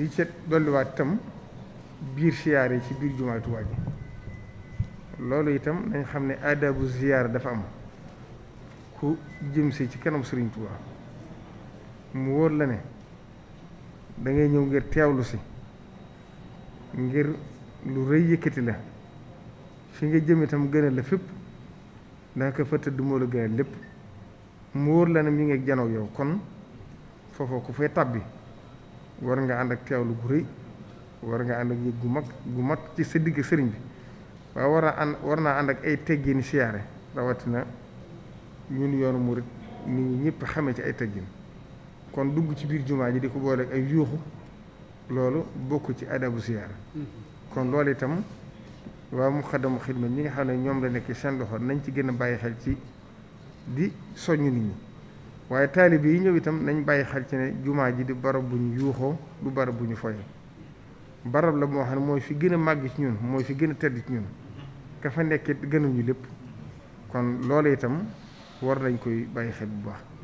li ca dolliwaat itam biir siyaar yi ci biir jumaay Tuubaa ji loolu itam nañ xam ne aadabu ziyaara dafa am ku jëm si ci kenam Sëriñ Tuubaa mu wóor la ne dangay ñëw ngir teewlu si ngir lu rëy yëkkati la fi nga jëm itam gënal la fépp danga ko fa tëdd moo la gënal lépp mu wóor la ne mi ngi janoo yow kon foofa ku fay tàbbi war nga ànd ak teewlu gu rëy war nga ànd ak yëg gu mag gu mag ci sa digg sëriñ bi waaye war naa ànd war naa ànd ak ay teggini siyaare rawatina ñun yoonu murit nit ñi ñëpp xamee ci ay teggin kon dugg ci biir jumaa ji di ko boole ay yuuxu loolu bokk ci adabu siyaare mm-hmm. kon loolu itam waaw mu xaddamu xidma ñi nga xam ne ñoom la nekk seen loxo nañ ci gën a bàyyi xel ci di soññ nit ñi waaye taalibe yi ñëw itam nañ bàyyi xel ci ne jumaa ji di barab bu ñu yuuxoo du barab bu ñu foyee barab la moo xam ne mooy fi gën a màgg ci ñun mooy fi gën a tedd ci ñun ka fa nekkee gënuñu lépp kon loolu itam war nañ koy bàyyi xel bu baax